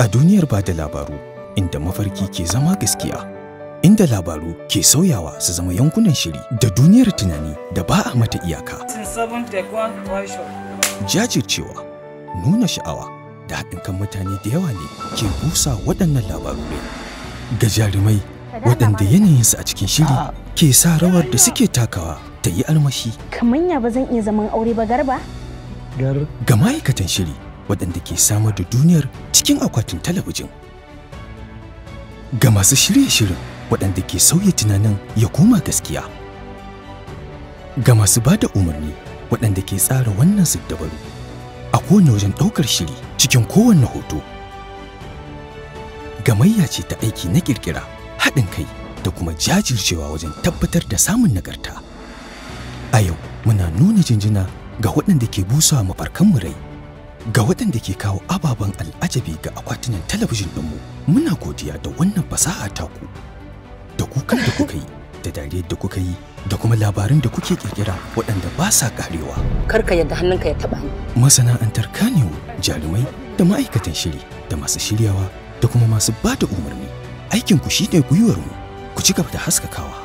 a duniyar ba da labaru inda mafarki ke zama gaskiya inda labaru ke sauyawa su zama yankunan shiri da duniyar tunani da ba a mata iyaka jajircewa nuna sha'awa da haɗin kan mutane da yawa ne ke busa waɗannan labaru ne ga jarumai waɗanda yanayinsu a cikin shiri ke sa rawar da suke takawa ta yi armashi kamanya ba zan iya zaman aure ba garba ga ma'aikatan shiri waɗanda ke samar da duniyar cikin akwatin talabijin. Ga masu shirye shirin waɗanda ke sauya tunanin ya koma gaskiya. Ga masu ba da umarni waɗanda ke tsara wannan dabaru a kowane wajen ɗaukar shiri cikin kowane hoto. Gamayya ce ta aiki na ƙirƙira, haɗin kai da kuma jajircewa wajen tabbatar da samun nagarta. A yau muna nuna jinjina ga waɗanda ke busawa mafarkanmu rai. Ga waɗanda ke kawo ababen al'ajabi ga akwatinan talabijin ɗinmu, muna godiya da wannan fasaha taku. Da kukan da kuka yi, da dariyar da kuka yi, da kuma labarin da kuke ƙirƙira waɗanda ba sa ƙarewa. Karka yadda hannunka ya taɓa ni. Masana'antar Kanewu, jarumai, da ma'aikatan shiri, da masu shiryawa, da kuma masu ba da umarni. Aikinku shi ne mu, ku ci gaba da haskakawa.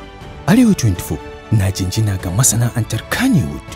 Arewa 24 na jinjina ga masana'antar Kannywood.